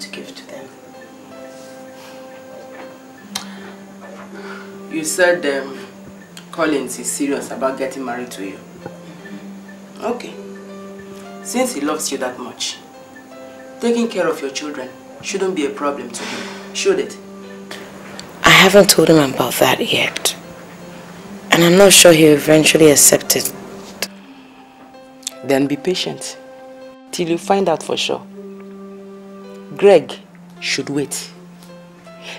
to give to them. You said um, Collins is serious about getting married to you. Okay. Since he loves you that much, taking care of your children shouldn't be a problem to him, should it? I haven't told him about that yet. And I'm not sure he'll eventually accept it. Then be patient till you find out for sure. Greg should wait.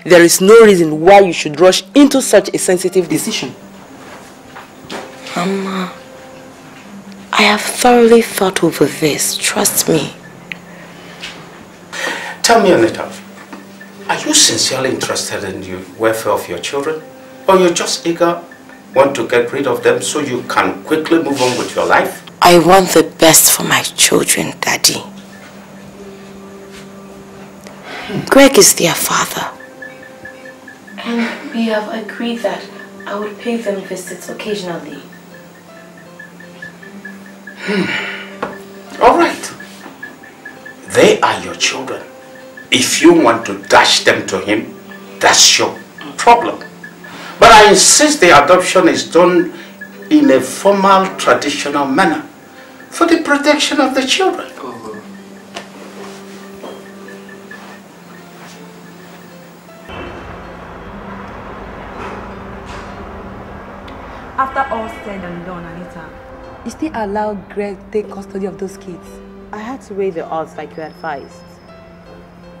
There is no reason why you should rush into such a sensitive decision. Mama, I have thoroughly thought over this. Trust me. Tell me, Anita, are you sincerely interested in the welfare of your children? Or you're just eager, want to get rid of them so you can quickly move on with your life? I want the best for my children, Daddy. Greg is their father. And we have agreed that I would pay them visits occasionally. Hmm. All right. They are your children. If you want to dash them to him, that's your problem. But I insist the adoption is done in a formal, traditional manner for the protection of the children. After all said and done, Anita, you still allow Greg take custody of those kids? I had to weigh the odds like you advised.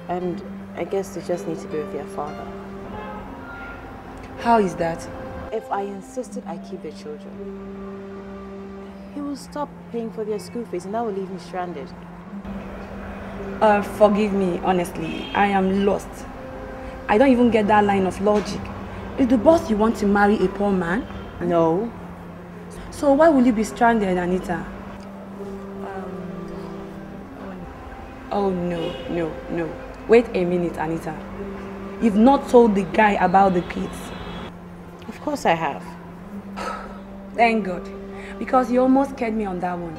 And I guess they just need to be with their father. How is that? If I insisted I keep the children, he will stop paying for their school fees and that will leave me stranded. Uh, forgive me, honestly. I am lost. I don't even get that line of logic. Is the boss you want to marry a poor man? No. So why will you be stranded, Anita? Um, oh, no, no, no. Wait a minute, Anita. You've not told the guy about the kids. Of course I have. Thank God. Because you almost scared me on that one.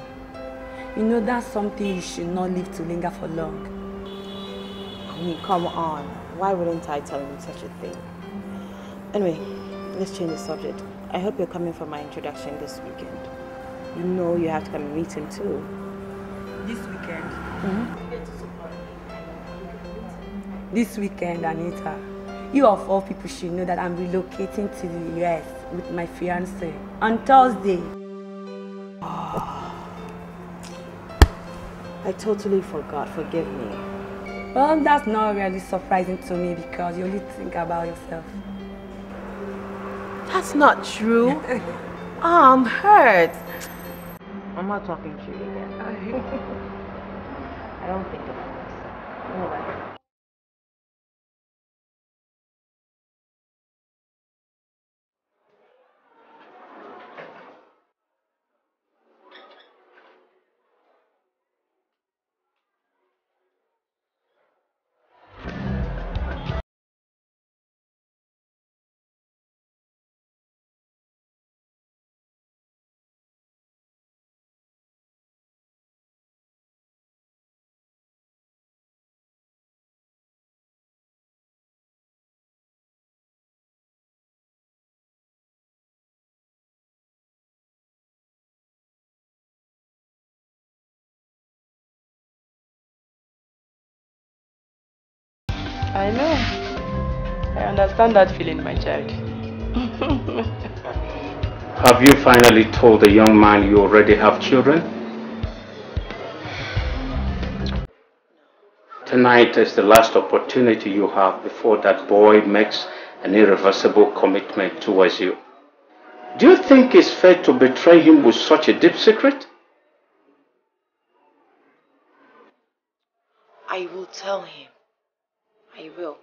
You know that's something you should not leave to linger for long. I mean, come on. Why wouldn't I tell him such a thing? Anyway, let's change the subject. I hope you're coming for my introduction this weekend. You know you have to come and meet him too. This weekend? Mm -hmm. This weekend, Anita. You of all people should know that I'm relocating to the US with my fiance on Thursday. I totally forgot, forgive me. Well, that's not really surprising to me because you only think about yourself. That's not true. oh, I'm hurt. I'm not talking to you again. I don't think about myself. I know. I understand that feeling, my child. have you finally told the young man you already have children? Tonight is the last opportunity you have before that boy makes an irreversible commitment towards you. Do you think it's fair to betray him with such a deep secret? I will tell him. I will,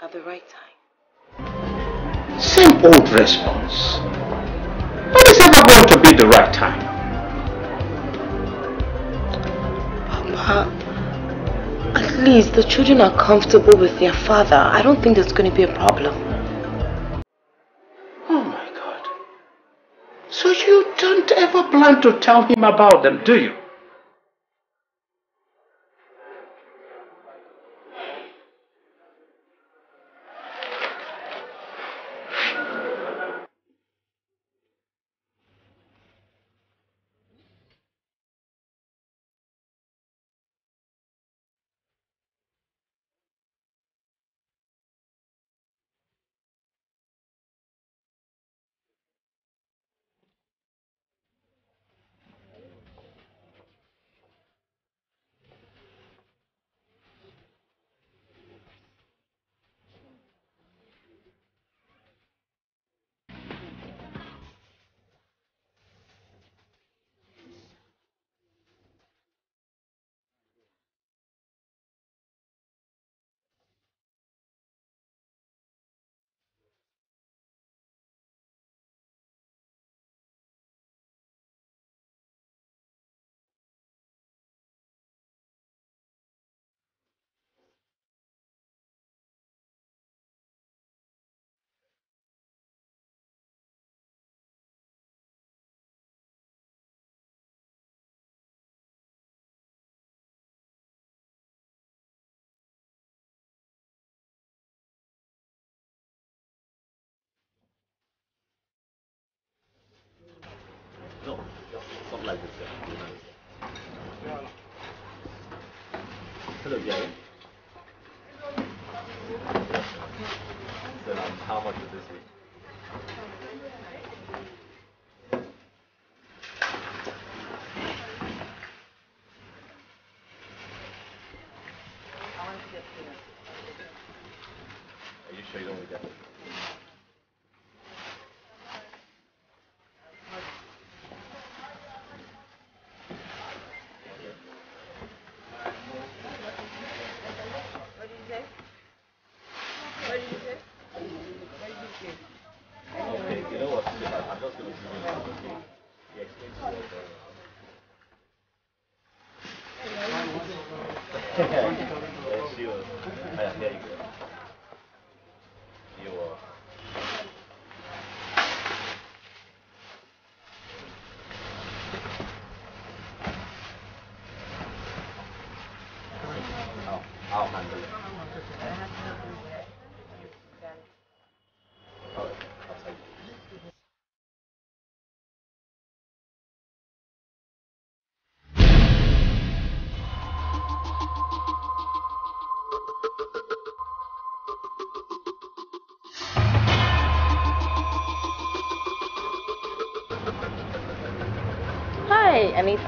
at the right time. Same old response. What is ever going to be the right time? Papa, at least the children are comfortable with their father. I don't think there's going to be a problem. Oh my God. So you don't ever plan to tell him about them, do you? Gracias.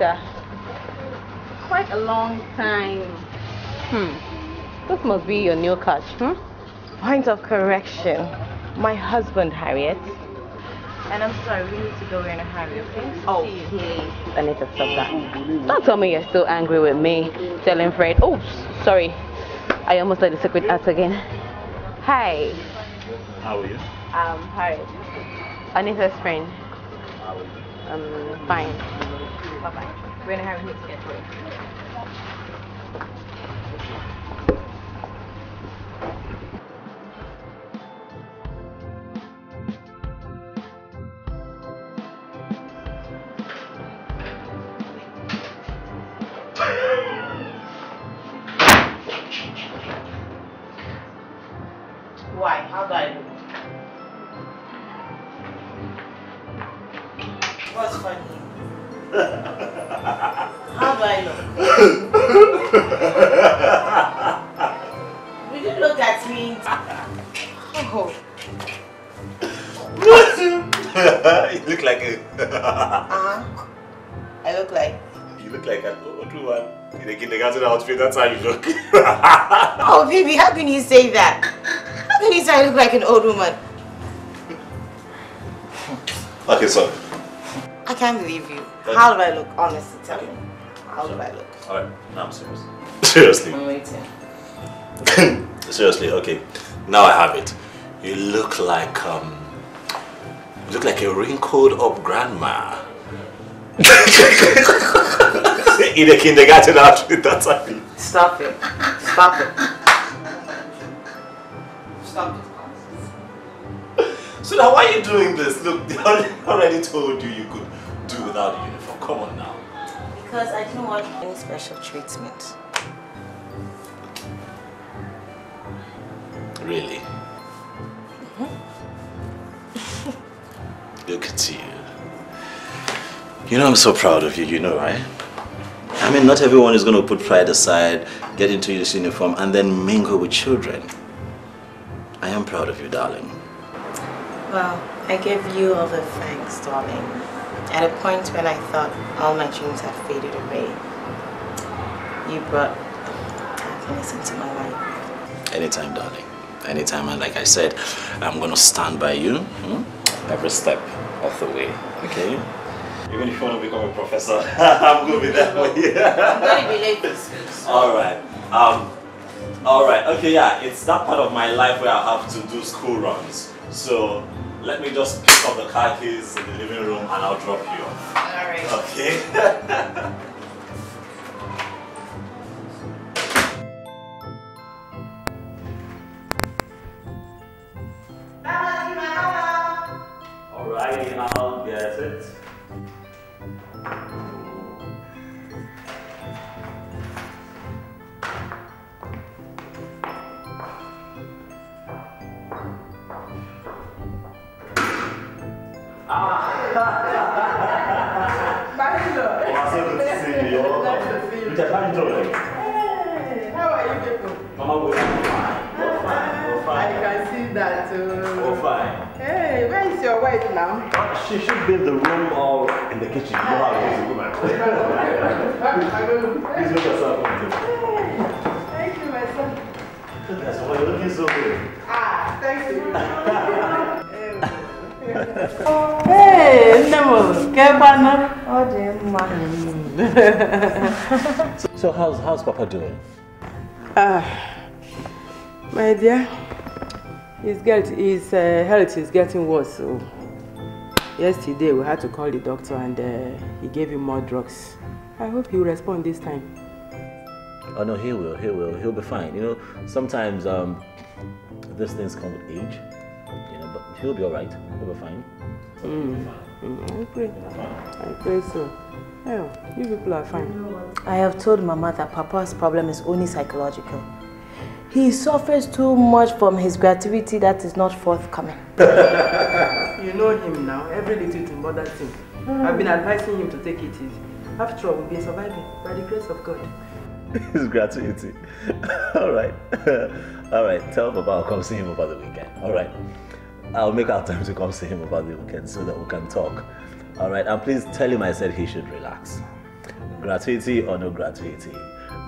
after quite a long time. Hmm. This must be your new catch, hmm? Point of correction. My husband, Harriet. And I'm sorry, we need to go in a hurry, okay? Oh, I need to stop that. Don't tell me you're still angry with me. Telling Fred, oh, sorry. I almost let the secret out again. Hi. How are you? Um, Harriet. Anita's friend. How are you? Um, fine bye-bye. We're going to have a new schedule. an old woman. Okay, so. I can't believe you. How do I look? Honestly, tell me. How do I look? Alright, now I'm serious. Seriously? I'm waiting. Seriously, okay. Now I have it. You look like, um, you look like a wrinkled up grandma. In a kindergarten outfit, that's happy. Stop it. Stop it. Stop it. So now why are you doing this? Look, they already told you you could do without a uniform. Come on now. Because I didn't want any special treatment. Really? Mm-hmm. Look at you. You know I'm so proud of you, you know, right? I mean, not everyone is going to put pride aside, get into this uniform, and then mingle with children. I am proud of you, darling. Well, I give you all the thanks, darling. At a point when I thought all my dreams had faded away, you brought happiness into my life. Anytime, darling. Anytime. And like I said, I'm going to stand by you hmm? every step of the way, okay? Even if you want to become a professor, I'm going to be that way. I'm going to be late this All right. Um, all right. Okay, yeah. It's that part of my life where I have to do school runs. So let me just pick up the car keys in the living room and I'll drop you off. Alright. Okay. Alrighty, I'll get it. Ah! Bachelor. Well, so good to see you. You're welcome. Which I find enjoying. Hey, how are you people? Mama, we're fine. We're fine. We're fine. I can see that too. We're fine. Hey, where is your wife now? She should be in the room or in the kitchen. You know how it is, Please make yourself comfortable. Hey, thank you, my son. That's why you're looking so good. Ah, thank you so, so how's how's Papa doing? Ah, uh, my dear, his, get, his uh, health is getting worse. So yesterday we had to call the doctor and uh, he gave him more drugs. I hope he'll respond this time. Oh no, he will, he will, he'll be fine. You know, sometimes um, these things come with age. He'll be alright. He'll be fine. Mm. Mm. I pray. I pray so. Yeah, you people are fine. I have told Mama that Papa's problem is only psychological. He suffers too much from his creativity that is not forthcoming. you know him now. Every little thing bothers him. I've been advising him to take it easy. After all, we've been surviving by the grace of God. His gratuity. all right. all right. Tell Papa I'll come see him over the weekend. All right. I'll make our time to come see him over the weekend so that we can talk. All right, and please tell him I said he should relax. Gratuity or no gratuity,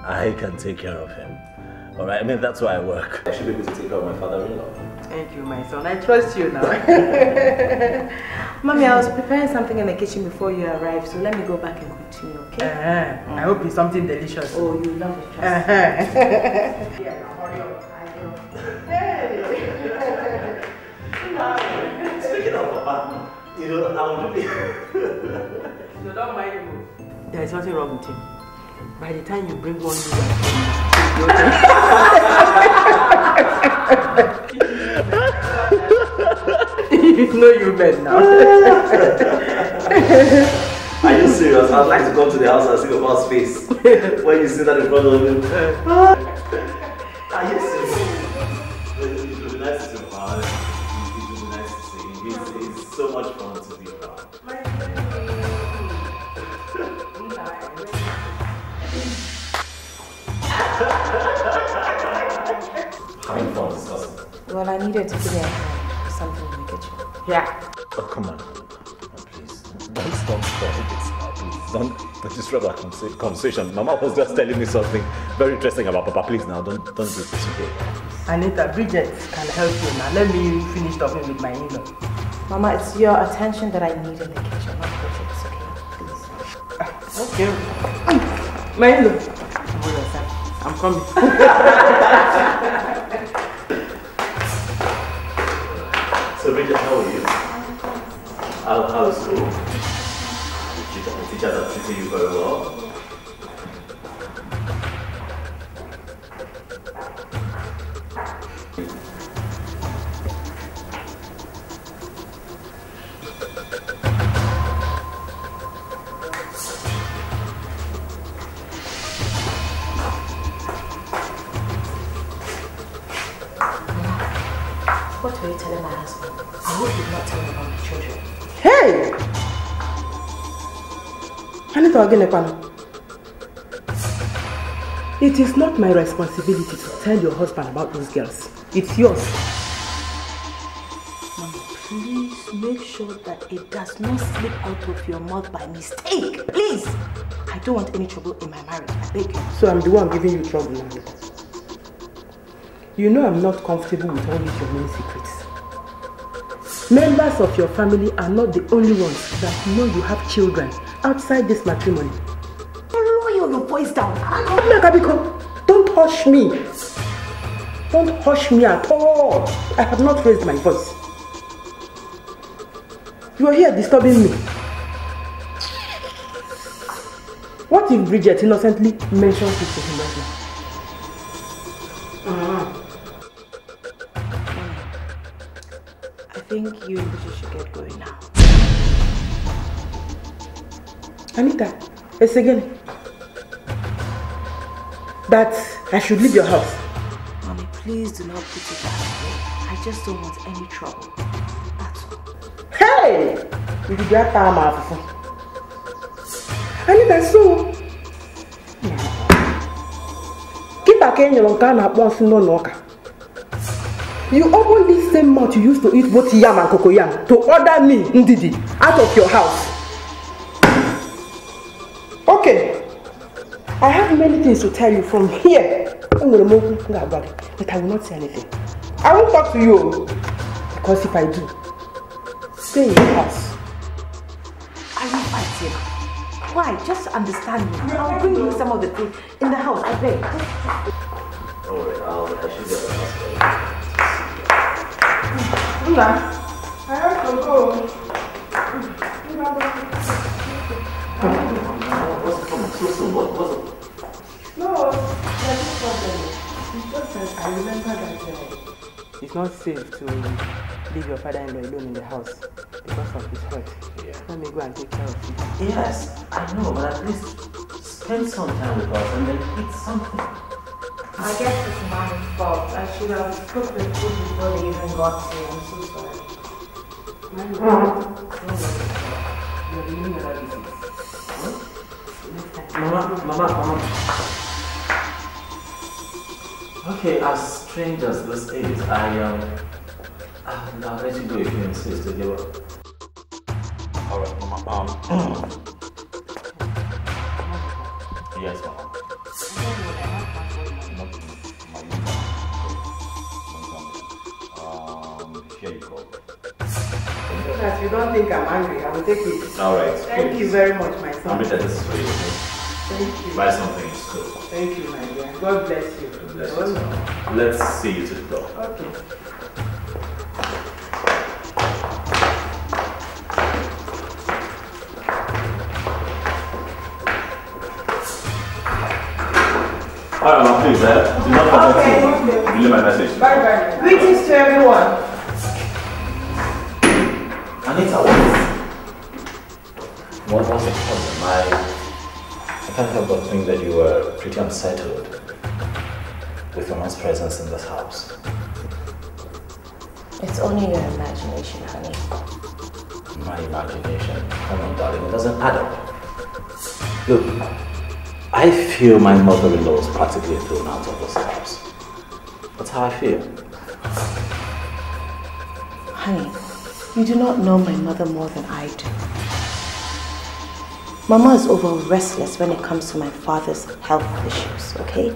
I can take care of him. All right, I mean, that's why I work. I should be able to take care of my father-in-law. Thank you, my son. I trust you now. Mommy, I was preparing something in the kitchen before you arrived, so let me go back and continue, okay? Uh -huh. mm. I hope it's something delicious. Oh, you love it. Uh -huh. yeah, hurry up. You know, I will do it. so don't mind move. There is nothing wrong with him. By the time you bring one new You know you men now. Are you serious? I'd like to come to the house and see your boss face. when you see that in front of you. I needed to figure out something in the kitchen. Yeah. Oh, come on. please. Don't stop Please, don't, don't disrupt our conversation. Mama was just telling me something very interesting about Papa. Please now, don't don't do this today. Anita, Bridget can help you now. Let me finish talking with my in-law. Mama, it's your attention that I need in the kitchen, not Bridget's, okay? Please. Ah, okay. My in-law. I'm coming. Rachel, how are you? How, how's school? Did you, did you, did you go well? Hey! it is not my responsibility to tell your husband about those girls. It's yours. Mom, please make sure that it does not slip out of your mouth by mistake. Please! I don't want any trouble in my marriage. I beg you. So I'm the one giving you trouble, Anita. You know I'm not comfortable with all these your main secrets. Members of your family are not the only ones that know you have children outside this matrimony. Lower your voice down. Nakabiko, don't hush me. Don't hush me at all. I have not raised my voice. You are here disturbing me. What if Bridget innocently mentions it to him right now? Mm. think you and should get going now. Anita, it's again. That I should leave your house. Mommy, please do not put it that way. I just don't want any trouble. Hey! You did that time off. Anita, so. Keep back in your car and I'll you open this same mouth you used to eat both yam and cocoyam to order me, Ndidi, out of your house. Okay. I have many things to tell you from here. But I will not say anything. I won't talk to you. Oh. Because if I do, stay in your house. I will fight you. Why? Just understand me. I'll bring you some of the things in the house, I beg. Don't worry, I'll, get the house. I have to go. the It's just that I remember it's not safe to leave your father-in-law alone in the house because of his health. Let me go and take care of him. Yes, I know, but at least spend some time with us and then eat something. I guess it's my fault. I should have cooked the food before they even got here. I'm so sorry. Mama, mama, mama. Okay, as strange as this is, I um, I'll ah, let you go if you insist to give up. All right, mama. Um, yes, mama. think I'm angry. I will take it. All right. Thank please. you very much, my son. Amrita, this is for you. Thank you. Buy something in school. Thank you, my dear. God bless you. God bless you. Oh, Let's see you to the door. Okay. All right, please, uh, do not forget okay, to relay my message. Bye bye. Greetings to everyone. Anita, I, I can't help but think that you were pretty unsettled with your mom's presence in this house. It's only your imagination, honey. My imagination? Come on, darling, it doesn't add up. Look, I feel my mother-in-law is practically thrown out of this house. That's how I feel. Honey, you do not know my mother more than I do. Mama is over restless when it comes to my father's health issues, okay?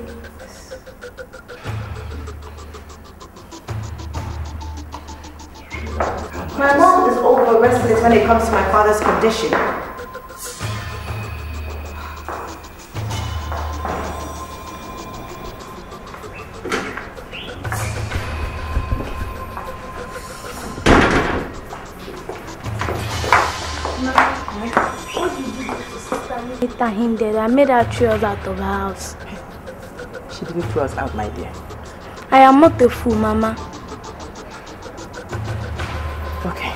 My mom is over restless when it comes to my father's condition. Mama, what you do? Later him dead, I made her throw us out of the house. She didn't throw us out, my dear. I am not a fool, Mama. Okay.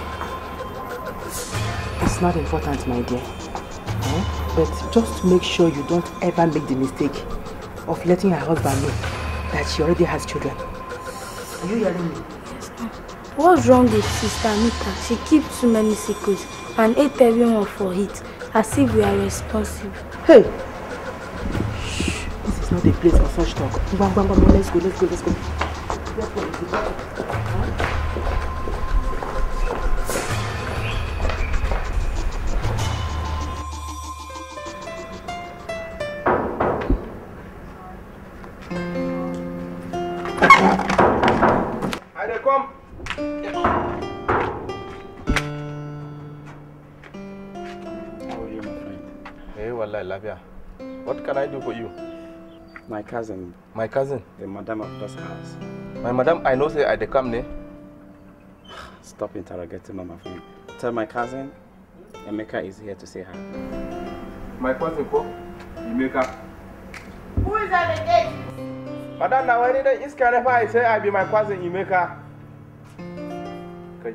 It's not important, my dear. Eh? But just make sure you don't ever make the mistake of letting her husband know that she already has children. Are you hearing me? Yes, ma'am. What's wrong with Sister Mita? She keeps too many secrets and ate everyone for it as if we are responsible. Hey! Shh, this is not the place for such talk. Bang, bang, bang, let's go, let's go, let's go. Let's go. My cousin. My cousin? The madam of this house. My madam, I know say I dey come ne. Stop interrogating mama for me. Tell my cousin, Emeka is here to say hi. My cousin ko, Emeka. Who is at the gate? Madam, now wani dai iska I say I be my cousin Emeka. Kai,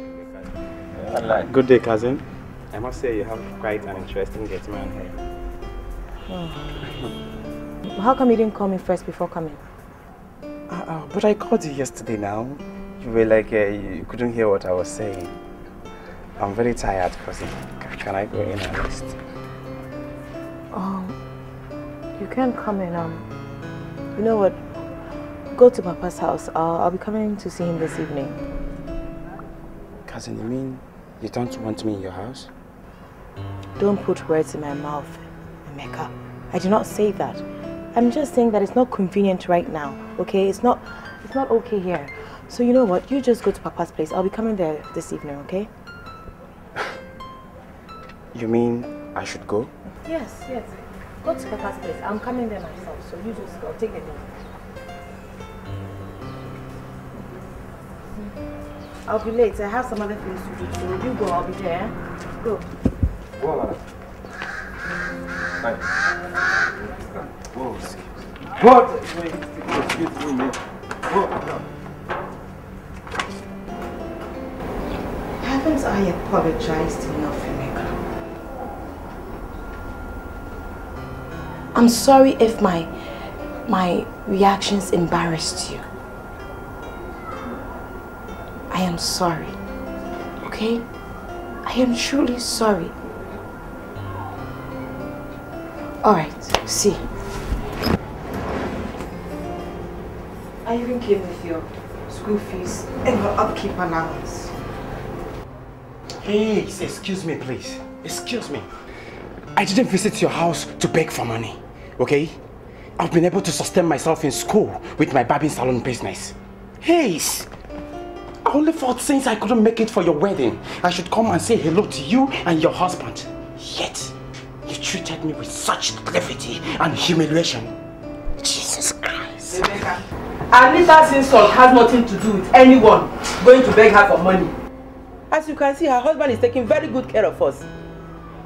Emeka Good day, cousin. I must say you have quite an interesting gate man here. Oh. How come you didn't call me first before coming? Uh, uh, but I called you yesterday now. You were like, uh, you couldn't hear what I was saying. I'm very tired, cousin. Can I go in and rest? Oh, um, you can come in. Um, you know what? Go to Papa's house. I'll be coming to see him this evening. Cousin, you mean you don't want me in your house? Don't put words in my mouth. Emeka. I did not say that. I'm just saying that it's not convenient right now, okay? It's not, it's not okay here. So you know what? You just go to Papa's place. I'll be coming there this evening, okay? You mean I should go? Yes, yes. Go to Papa's place. I'm coming there myself, so you just go. Take the thing. I'll be late. I have some other things to do, so you go. I'll be there. Go. Go, what? wait, excuse me, man. Haven't I apologized enough, Emeka? I'm sorry if my my reactions embarrassed you. I am sorry, okay? I am truly sorry. All right, see. I even came with your school fees and your upkeep allowance. Hey, excuse me, please. Excuse me. I didn't visit your house to beg for money, okay? I've been able to sustain myself in school with my barbing salon business. Hey, I only thought since I couldn't make it for your wedding, I should come and say hello to you and your husband. Yet, You treated me with such levity and humiliation. Jesus Christ. Rebecca, Anita's insult has nothing to do with anyone going to beg her for money. As you can see, her husband is taking very good care of us.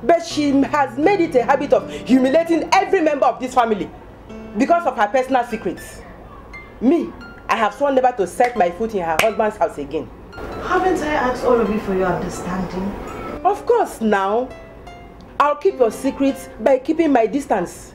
But she has made it a habit of humiliating every member of this family because of her personal secrets. Me, I have sworn never to set my foot in her husband's house again. Haven't I asked all of you for your understanding? Of course now. I'll keep your secrets by keeping my distance.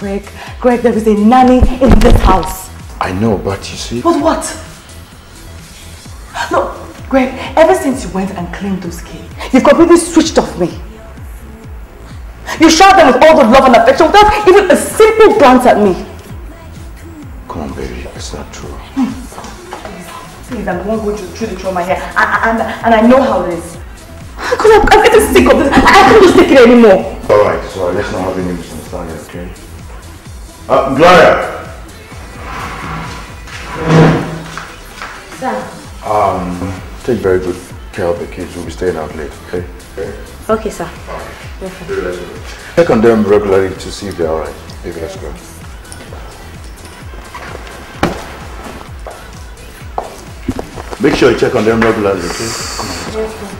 Greg, Greg, there is a nanny in this house. I know, but you see... But what? No, Greg, ever since you went and claimed those kids, you've completely switched off me. You showered them with all the love and affection without even a simple glance at me. Come on, baby, it's not true. Please, I'm the one going through the trauma here, and, and, and I know how it is. I I'm getting sick of this. I can't just take it anymore. Alright, so let's not have any misunderstanding, okay? Uh, Gloria. Sir. Um, take very good care of the kids. We'll be staying out late, okay? Okay, okay sir. Okay. Check on them regularly to see if they're alright. Maybe let's go. Make sure you check on them regularly, okay? Come on.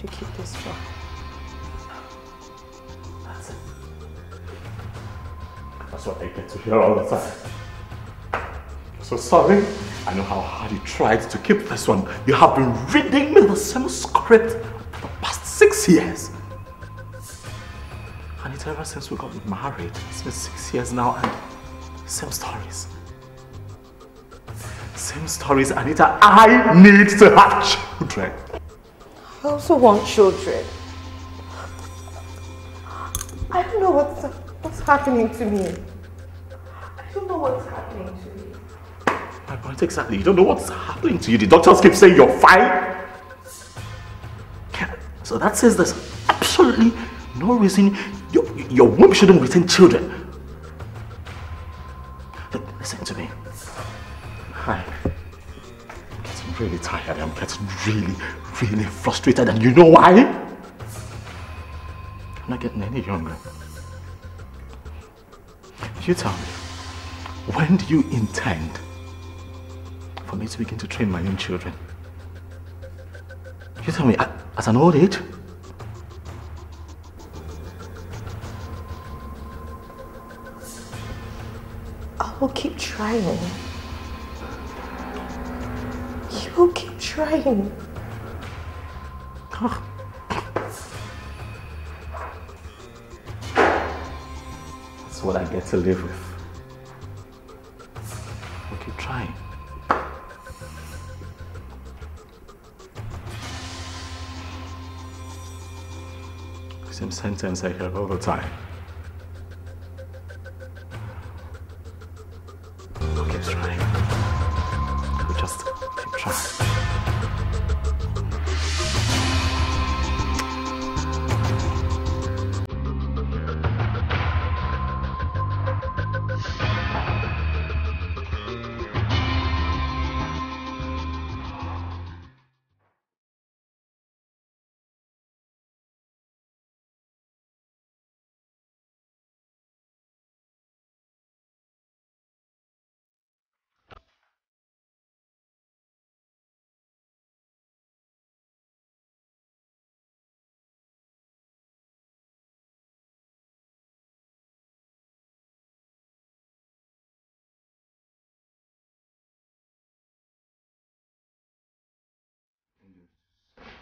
to keep this for? That's, That's what I get to hear all the time. so sorry. I know how hard you tried to keep this one. You have been reading me the same script for the past six years. And it's ever since we got married. It's been six years now and same stories. Same stories, Anita. I need to have children. I also want children. I don't know what's, what's happening to me. I don't know what's happening to me. My point exactly. You don't know what's happening to you. The doctors keep saying you're fine. So that says there's absolutely no reason your, your womb shouldn't retain children. really frustrated and you know why? I'm not getting any younger. You tell me, when do you intend for me to begin to train my own children? You tell me, at an old age? I will keep trying. You will keep trying. That's what I get to live with. We keep trying. Same sentence I hear all the time.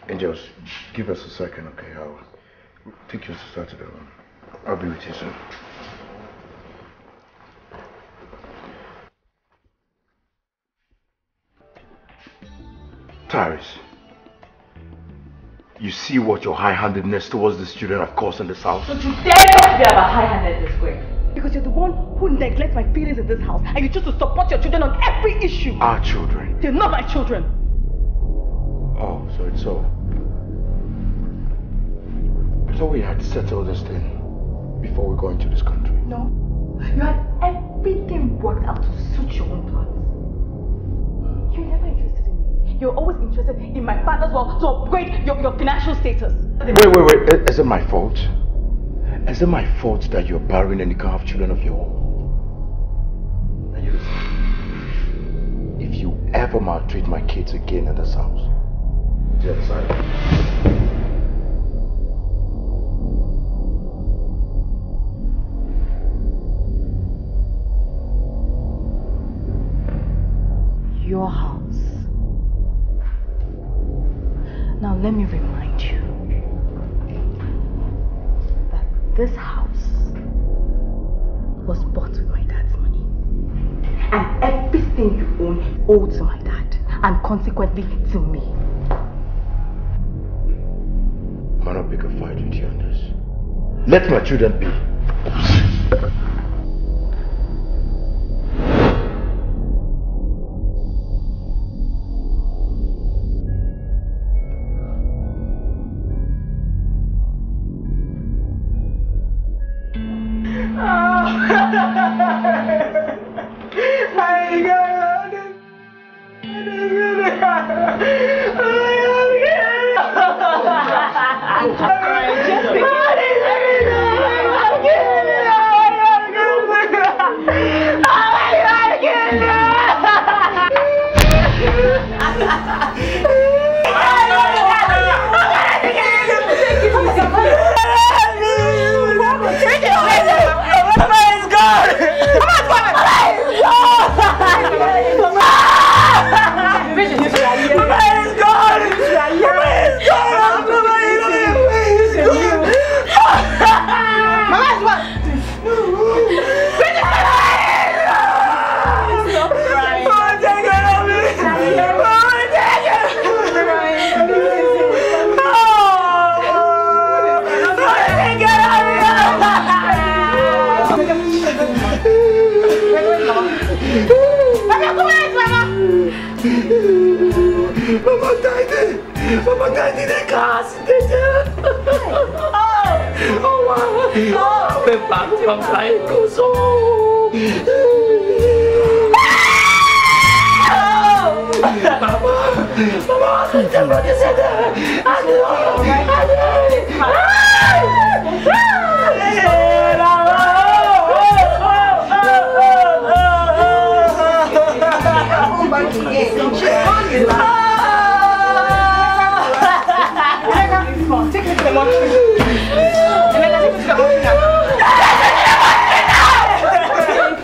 Angels, give us a second, okay? I'll take your sister to the room. I'll be with you soon. Tyrus, you see what your high-handedness towards the student have caused in the South? Don't you dare talk to me about high-handedness, Greg. Because you're the one who neglects my feelings in this house and you choose to support your children on every issue. Our children? They're not my children. Oh, so it's so. So we had settled this thing before we go into this country. No. You had everything worked out to suit your own plans. You're never interested in me. You're always interested in my father's wealth to upgrade your, your financial status. Wait, wait, wait. Is it my fault? Is it my fault that you're barren and you can't have children of your own? And you listen. If you ever maltreat my kids again in this house, yes, silence. your house. Now, let me remind you that this house was bought with my dad's money. And everything you own is owed to my dad, and consequently to me. I'm not pick a fight with you on this. Let my children be.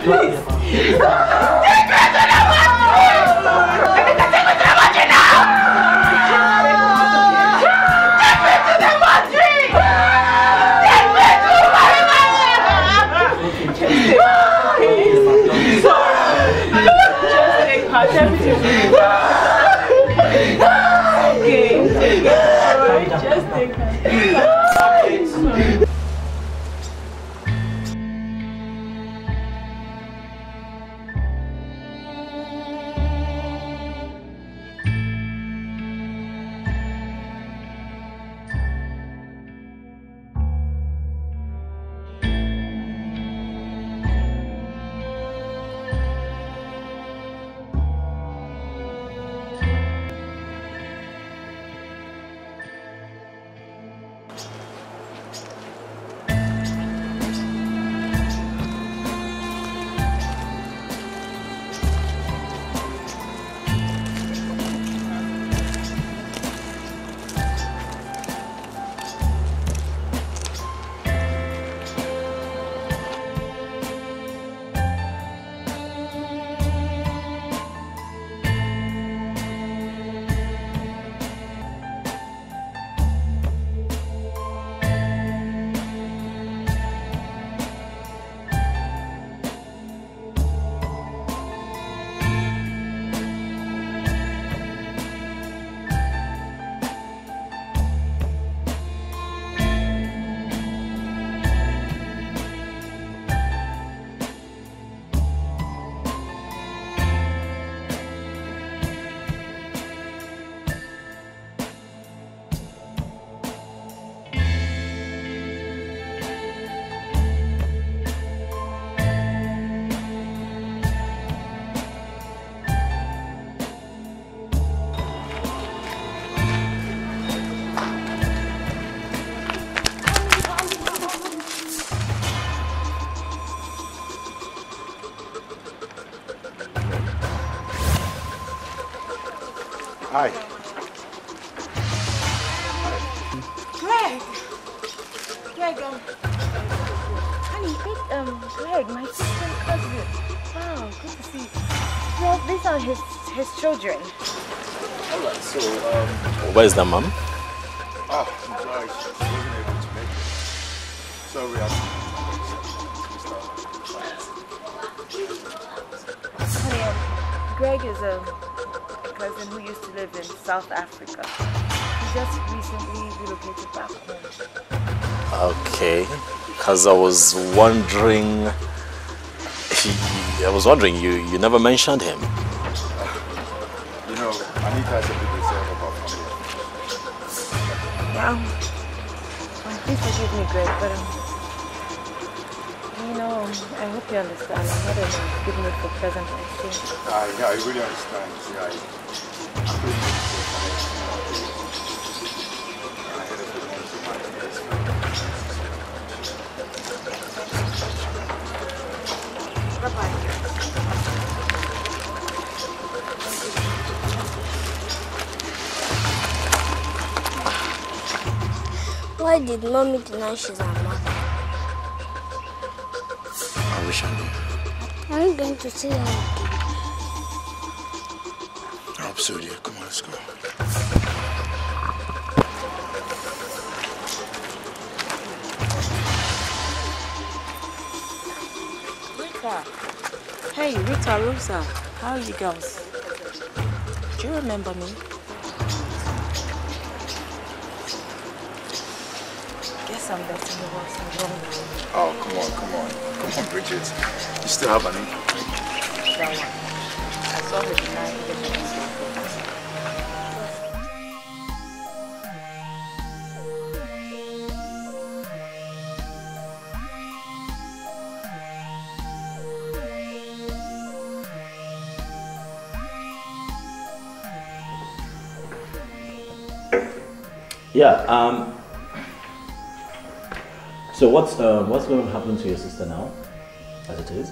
Please. Where's the mom? Oh, I'm sorry. I wasn't able to make it. Sorry, I'm... Honey, Greg is a, cousin who used to live in South Africa. He just recently relocated back home. Okay, because I was wondering... I was wondering, you, you never mentioned him. understand. I'm not a good mood for present, I think. I, I really understand. Yeah, I, I'm pretty good for I had I'm going to see him. Oh, come on, let's go. Rita. Hey, Rita, Rosa, how are you girls? Do you remember me? some that's in the world, Oh, come on, come on. Come on, Bridget. You still have an ink? That one. I saw the Yeah, um, so what's uh, what's going to happen to your sister now, as it is?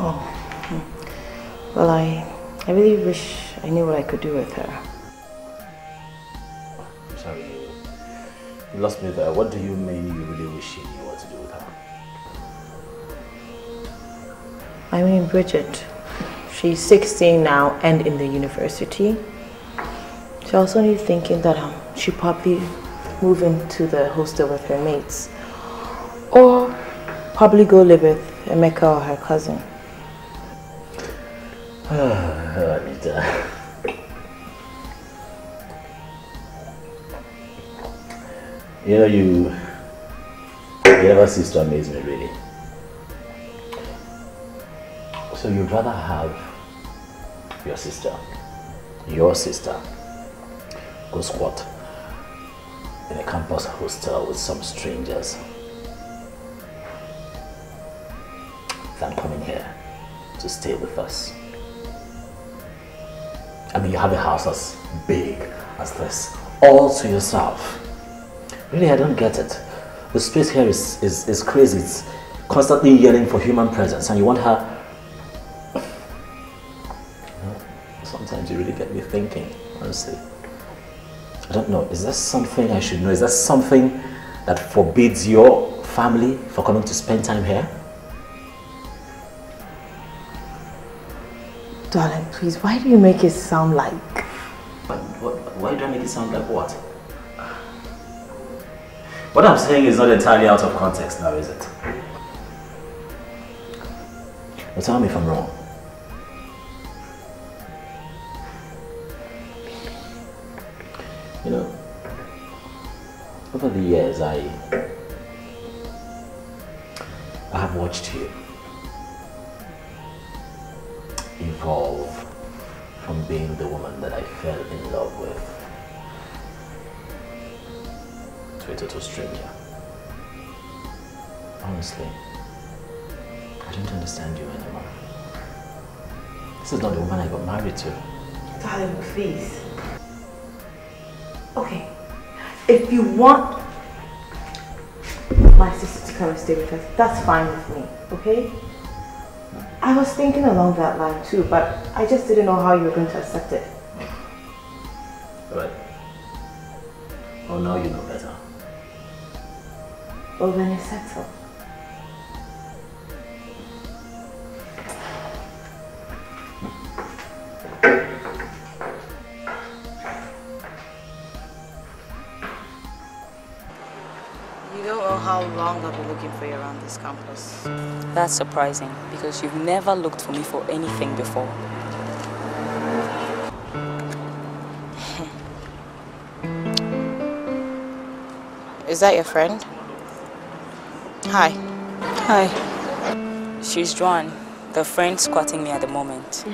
Oh, hmm. well, I I really wish I knew what I could do with her. I'm sorry, you lost me there. What do you mean you really wish you knew what to do with her? I mean, Bridget. She's 16 now and in the university. She also needs thinking that um, she probably move into the hostel with her mates. Or probably go live with Emeka or her cousin. Anita. You know, you, you never cease to amaze me, really. So you'd rather have your sister, your sister, go squat in a campus hostel with some strangers than coming here to stay with us. I mean, you have a house as big as this, all to yourself. Really, I don't get it. The space here is, is, is crazy. It's constantly yelling for human presence, and you want her sometimes you really get me thinking, honestly. I don't know, is that something I should know? Is that something that forbids your family for coming to spend time here? Darling, please, why do you make it sound like... What, what, why do I make it sound like what? What I'm saying is not entirely out of context now, is it? But tell me if I'm wrong. over the years, I, I have watched you evolve from being the woman that I fell in love with to a total stranger. Honestly, I don't understand you anymore. This is not the woman I got married to. Darling, please. Okay, if you want my sister to come and stay with us, that's fine with me, okay? I was thinking along that line too, but I just didn't know how you were going to accept it. Right. Oh, now you know better. Well, then it's settled. Thank how long I've been looking for you around this campus. That's surprising because you've never looked for me for anything before. Is that your friend? Hi. Hi. She's drawn. the friend squatting me at the moment.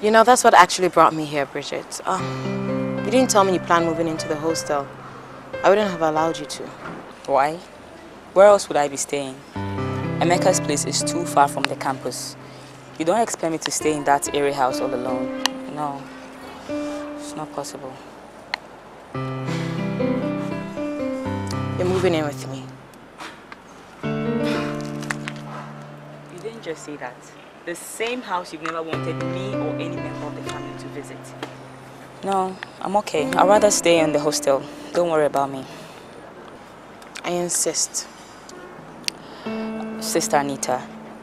You know, that's what actually brought me here, Bridget. Ah, you didn't tell me you planned moving into the hostel. I wouldn't have allowed you to. Why? Where else would I be staying? Emeka's place is too far from the campus. You don't expect me to stay in that airy house all alone. No, it's not possible. You're moving in with me. You didn't just say that. The same house you've never wanted me or any member of the family to visit. No, I'm okay. I'd rather stay in the hostel. Don't worry about me. I insist. Sister Anita,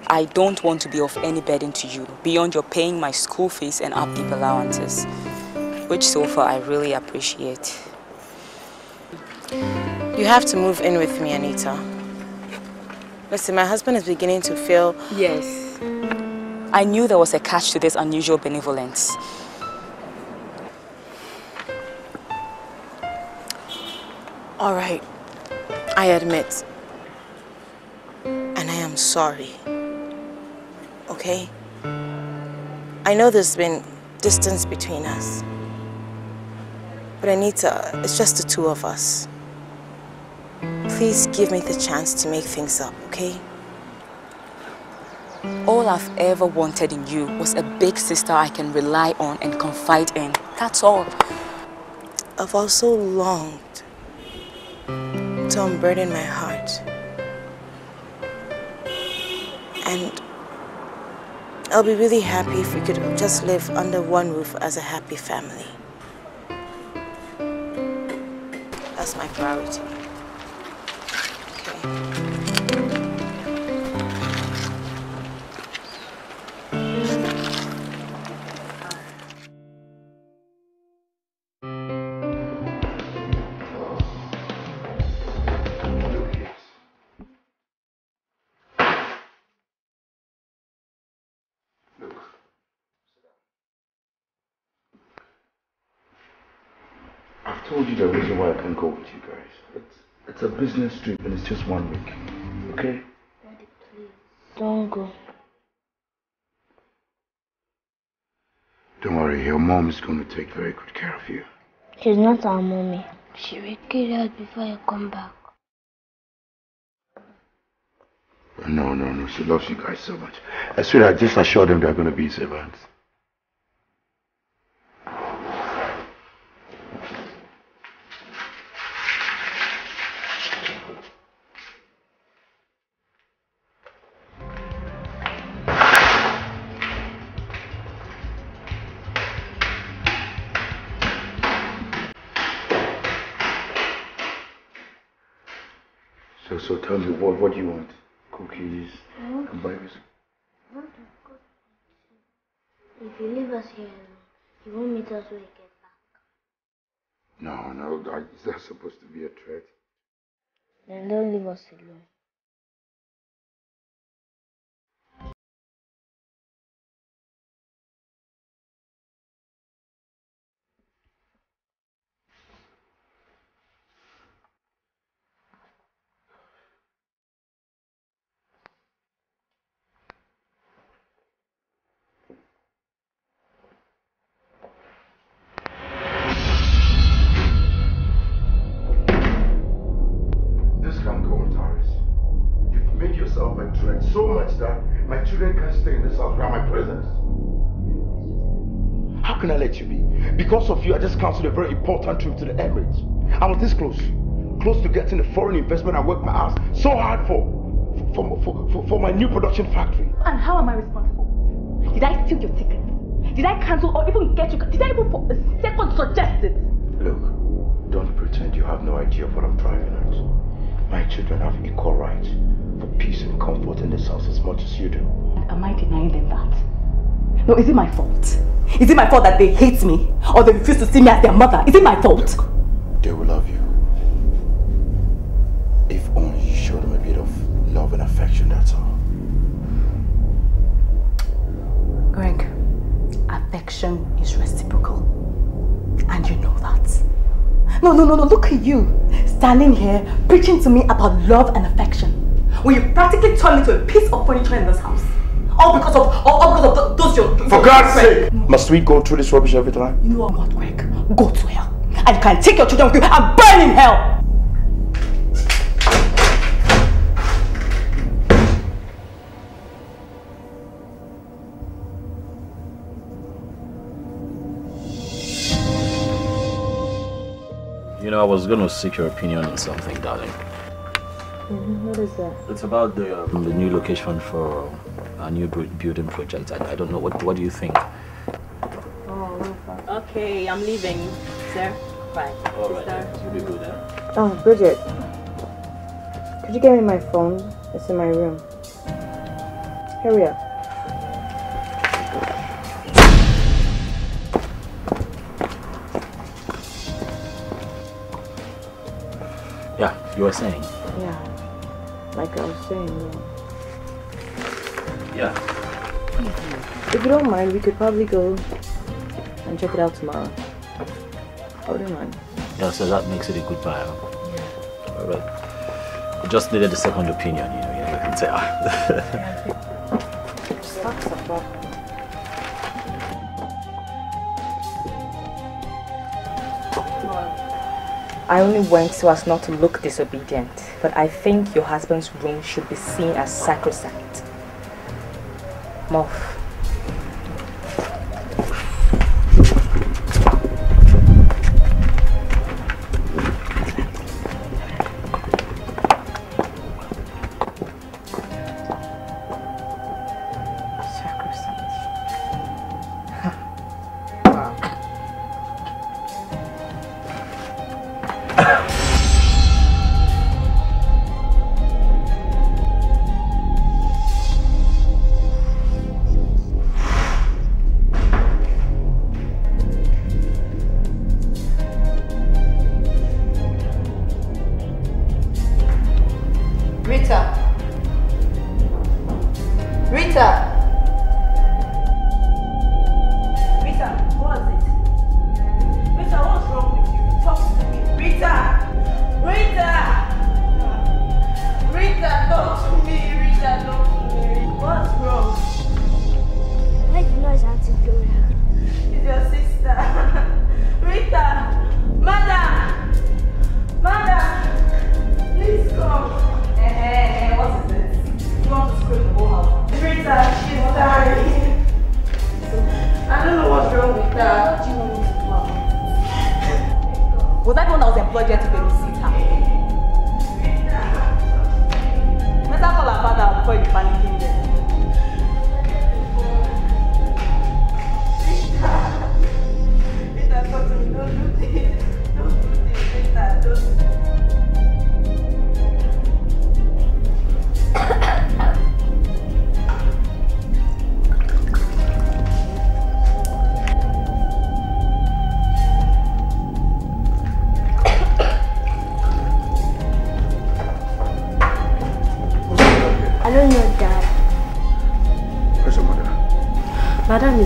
I don't want to be of any burden to you beyond your paying my school fees and upkeep allowances, which so far I really appreciate. You have to move in with me, Anita. Listen, my husband is beginning to feel... Yes. I knew there was a catch to this unusual benevolence. All right, I admit. And I am sorry. Okay? I know there's been distance between us. But Anita, it's just the two of us. Please give me the chance to make things up, okay? All I've ever wanted in you was a big sister I can rely on and confide in. That's all. I've also longed to unburden my heart. And I'll be really happy if we could just live under one roof as a happy family. That's my priority. Okay. you the reason why I can go with you guys. It's, it's a business trip and it's just one week. Okay? Daddy, please. Don't go. Don't worry, your mom is going to take very good care of you. She's not our mommy. She will get out before you come back. No, no, no. She loves you guys so much. I swear I just assured them they are going to be servants. tell you what, what do you want? Cookies, I buy If you leave us here, you won't meet us when you get back. No, no, that, is that supposed to be a threat? Then don't leave us alone. not going to let you be. Because of you, I just cancelled a very important trip to the Emirates. I was this close. Close to getting a foreign investment I worked my ass so hard for. For, for, for, for my new production factory. And how am I responsible? Did I steal your tickets? Did I cancel or even get you? Did I even for a second suggest it? Look, don't pretend you have no idea what I'm driving at. My children have equal rights for peace and comfort in this house as much as you do. And am I denying them that? No, is it my fault? Is it my fault that they hate me? Or they refuse to see me as their mother? Is it my fault? Look, they will love you. If only you showed them a bit of love and affection, that's all. Greg, affection is reciprocal. And you know that. No, no, no, no, look at you. Standing here, preaching to me about love and affection. When you practically turned me to a piece of furniture in this house all because of all, all because of those your. For God's sake, must we go through this rubbish every time? No, I'm not quick. Go to hell, and you can take your children with you and burn in hell. You know, I was going to seek your opinion on something, darling. Mm -hmm. What is that? It's about the, um, the new location for a new building project. I, I don't know. What, what do you think? Oh, okay. I'm leaving, sir. Bye. All right. You'll be good, huh? Eh? Oh, Bridget. Could you get me my phone? It's in my room. Hurry up. Yeah, you were saying. Yeah, like I was saying. Yeah. Yeah. If you don't mind, we could probably go and check it out tomorrow. I oh, wouldn't mind. Yeah, so that makes it a good buy. Yeah. All right. I just needed a second opinion, you know. Yeah, can I only went so as not to look disobedient, but I think your husband's room should be seen as sacrosanct. 么。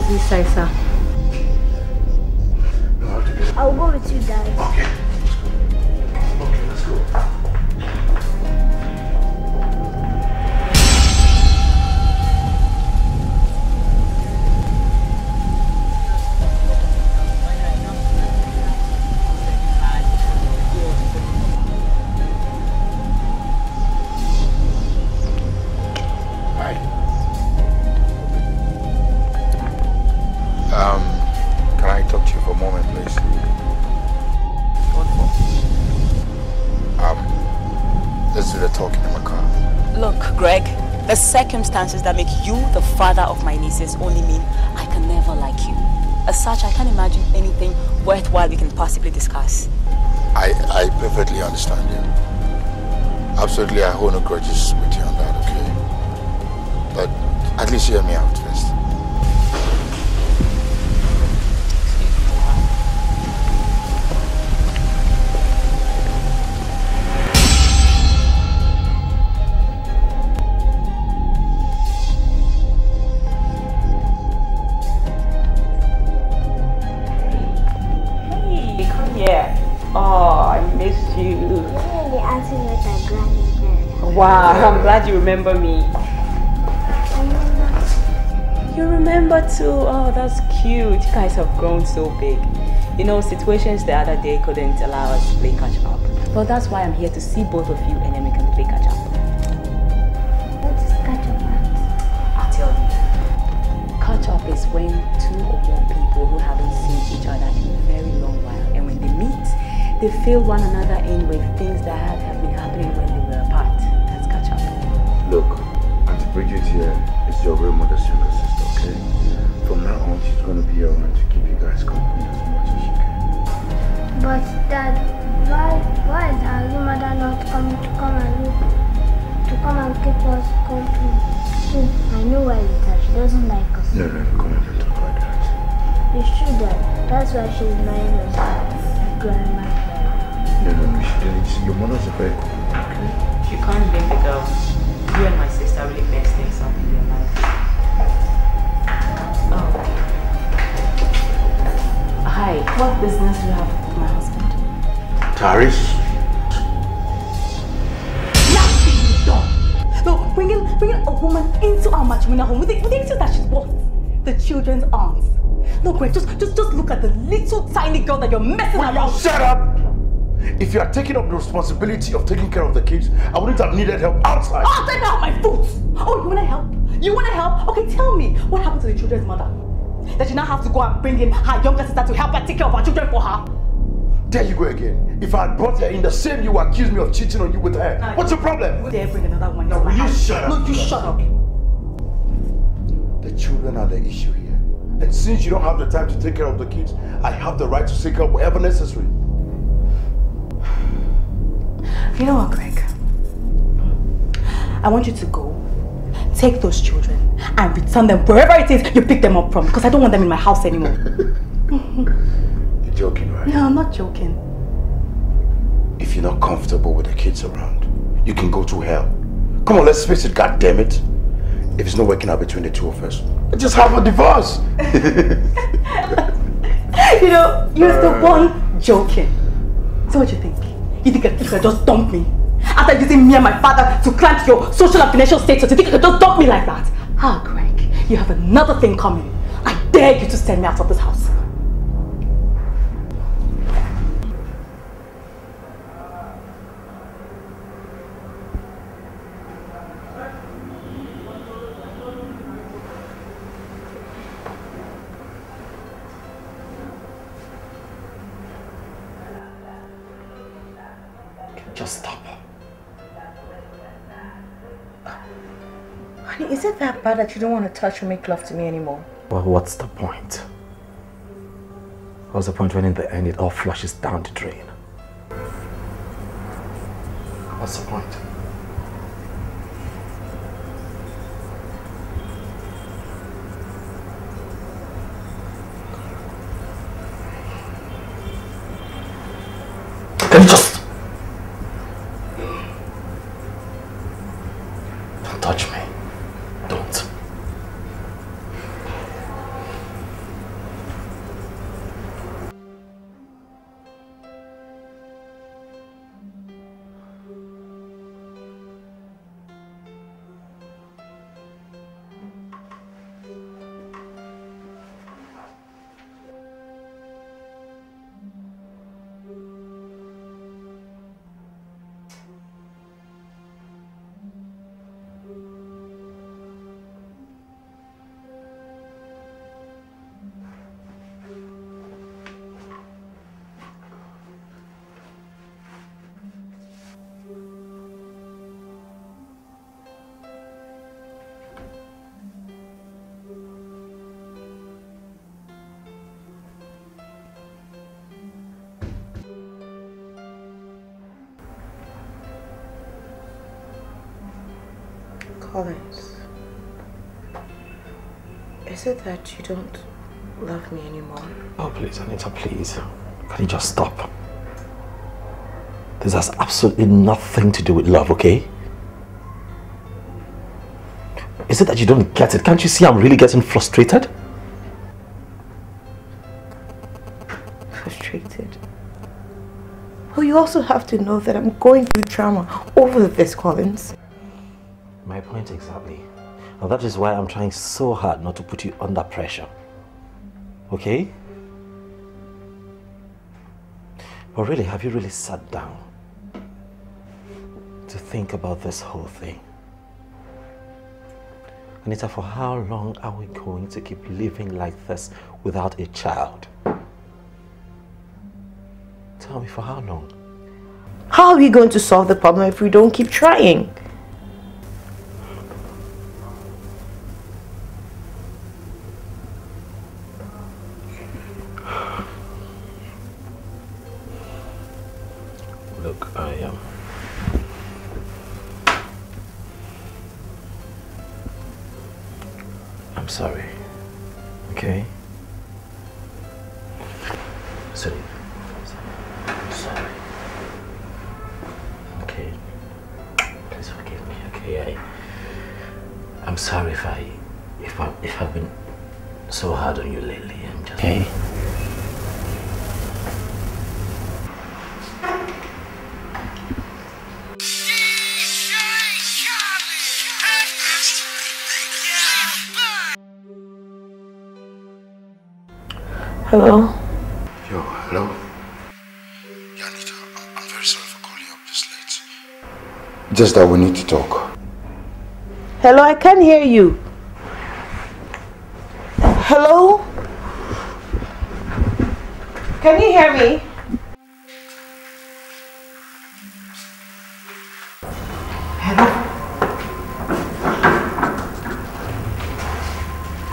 this is Sisa. circumstances that make you the father of my nieces only mean I can never like you. As such, I can't imagine anything worthwhile we can possibly discuss. I, I perfectly understand you. Absolutely, I hold no grudges remember me. You remember too? Oh, that's cute. You guys have grown so big. You know, situations the other day couldn't allow us to play catch up. But that's why I'm here to see both of you and then we can play catch up. What is catch up at? I'll tell you. Catch up is when two or more people who haven't seen each other in a very long while and when they meet, they fill one another in with things that have been Bridget here is your real mother's younger sister, okay? From now on, she's gonna be around to keep you guys company as much as she can. But Dad, why why is our real mother not coming to come and look to come and keep us company? Hmm. I know why Dad. She doesn't like us. No, no, no, come on, don't talk about that. It's true, Dad. That's why she's marrying us, Grandma. No, no, no, she didn't. Your mother's a very cool, okay? She can't bring the girls. You and my things really mess things up in your life. Oh. Hi, what business do you have with my husband? Tarish? No, bringing, bringing a woman into our matrimonial home with the, with the excuse that she's both The children's arms. No, Greg, just, just, just look at the little tiny girl that you're messing Will around. You shut up! If you are taking up the responsibility of taking care of the kids, I wouldn't have needed help outside. I'll oh, take out my foot! Oh, you wanna help? You wanna help? Okay, tell me, what happened to the children's mother? That you now have to go and bring in her younger sister to help her take care of her children for her? There you go again. If I had brought her in the same, you accuse me of cheating on you with her. Now What's your problem? Dare bring another one. Now will you shut up? No, you shut up. The children are the issue here. And since you don't have the time to take care of the kids, I have the right to seek help wherever necessary. You know what, Greg? I want you to go, take those children, and return them wherever it is you pick them up from, because I don't want them in my house anymore. you're joking, right? No, I'm not joking. If you're not comfortable with the kids around, you can go to hell. Come on, let's face it, God damn it. If it's not working out between the two of us, just have a divorce. you know, you're uh, the one joking. So what do you think? You think, you can just dump me? After using me and my father to climb your social and financial status, you think you can just dump me like that? Ah, Greg, you have another thing coming. I dare you to send me out of this house. bad that you don't want to touch or make love to me anymore. Well, what's the point? What's the point when in the end it all flushes down the drain? What's the point? Collins, is it that you don't love me anymore? Oh, please, Anita, please. Can you just stop? This has absolutely nothing to do with love, okay? Is it that you don't get it? Can't you see I'm really getting frustrated? Frustrated? Well, you also have to know that I'm going through trauma over this, Collins point exactly. And that is why I'm trying so hard not to put you under pressure. Okay? But really, have you really sat down to think about this whole thing? Anita, for how long are we going to keep living like this without a child? Tell me, for how long? How are we going to solve the problem if we don't keep trying? Hello? Yo, hello? Yeah, I'm, very sorry for calling you up this late. Just that we need to talk. Hello, I can't hear you. Hello? Can you hear me? Hello?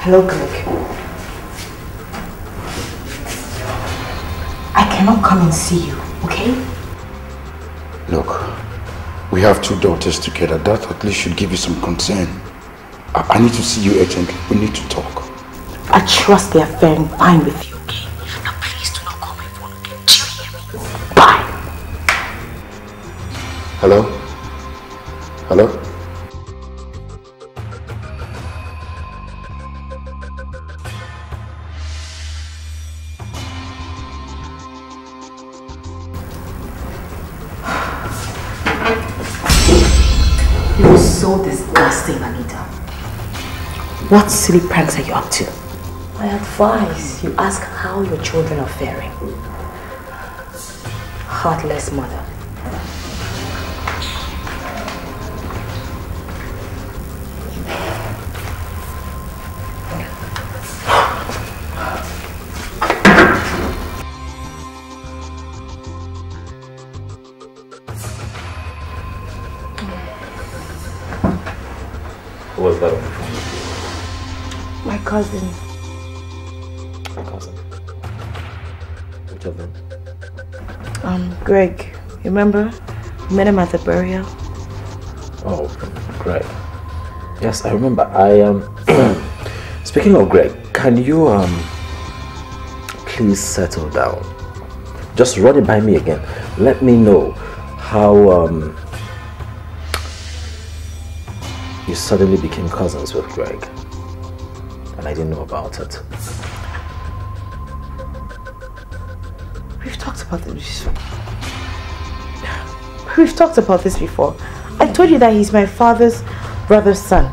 Hello, Greg. cannot come and see you, okay? Look, we have two daughters together. That at least should give you some concern. I, I need to see you urgently. We need to talk. I trust they are faring fine with you, okay? Now please do not call my phone okay? Do you hear me? Bye. Hello? silly pranks are you up to? I advise you ask how your children are faring. Heartless mother. cousin. My cousin. Which of them? Um, Greg. Remember? met him at the burial. Oh, Greg. Yes, I remember. I um speaking of Greg, can you um please settle down? Just run it by me again. Let me know how um you suddenly became cousins with Greg and I didn't know about it. We've talked about this. We've talked about this before. I told you that he's my father's brother's son.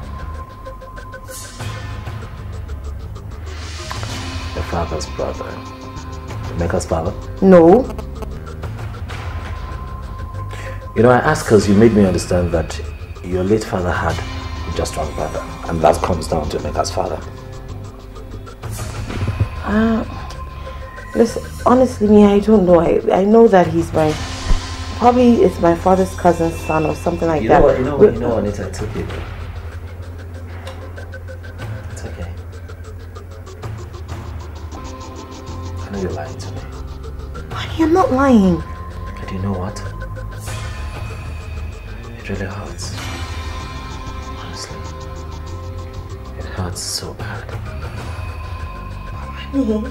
Your father's brother. Mecca's father? No. You know, I asked because you made me understand that your late father had just one brother, and that comes down to Mecca's father. Uh, listen, honestly, me, I don't know. I, I know that he's my probably it's my father's cousin's son or something like you that. Know what, you know what? You know what? Anita, it's okay. It's okay. I know you're lying to me. Honey, I'm not lying. But you know what? It really hurts. Honestly, it hurts so bad. Mm-hmm.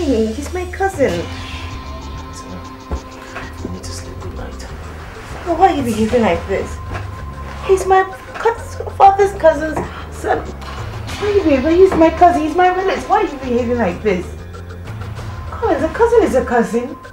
Hey, he's my cousin. You need to sleep good night. why are you behaving like this? He's my father's cousin's son. Why are you behaving? He's my cousin. He's my relative. Why are you behaving like this? Come a cousin is a cousin.